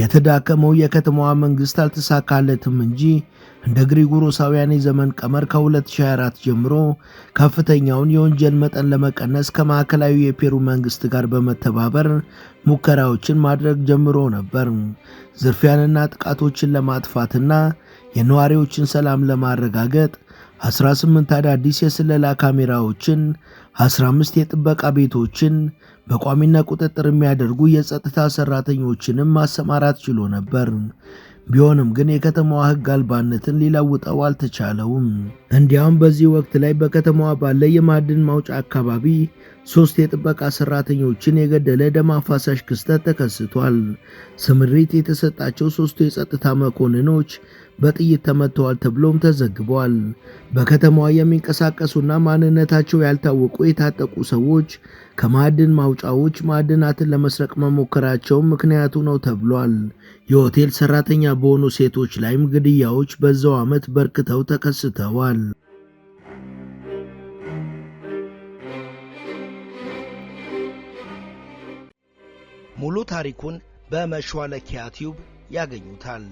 የተዳከመው የከተማዋ መንግስት አልተሳካለትም እንጂ እንደ ግሪጎሮሳውያን የዘመን ቀመር ከ2024 ጀምሮ ከፍተኛውን የወንጀል መጠን ለመቀነስ ከማዕከላዊ የፔሩ መንግስት ጋር በመተባበር ሙከራዎችን ማድረግ ጀምሮ ነበር። ዝርፊያንና ጥቃቶችን ለማጥፋትና የነዋሪዎችን ሰላም ለማረጋገጥ 18 አዳዲስ የስለላ ካሜራዎችን፣ 15 የጥበቃ ቤቶችን፣ በቋሚና ቁጥጥር የሚያደርጉ የጸጥታ ሰራተኞችንም ማሰማራት ችሎ ነበር። ቢሆንም ግን የከተማዋ ሕግ አልባነትን ሊለውጠው አልተቻለውም። እንዲያውም በዚህ ወቅት ላይ በከተማዋ ባለ የማዕድን ማውጫ አካባቢ ሶስት የጥበቃ ሰራተኞችን የገደለ ደም አፋሳሽ ክስተት ተከስቷል። ስምሪት የተሰጣቸው ሶስቱ የጸጥታ መኮንኖች በጥይት ተመትተዋል ተብሎም ተዘግቧል። በከተማዋ የሚንቀሳቀሱና ማንነታቸው ያልታወቁ የታጠቁ ሰዎች ከማዕድን ማውጫዎች ማዕድናትን ለመስረቅ መሞከራቸው ምክንያቱ ነው ተብሏል። የሆቴል ሰራተኛ በሆኑ ሴቶች ላይም ግድያዎች በዛው ዓመት በርክተው ተከስተዋል። ይሆናል። ሙሉ ታሪኩን በመሿለኪያ ቲዩብ ያገኙታል።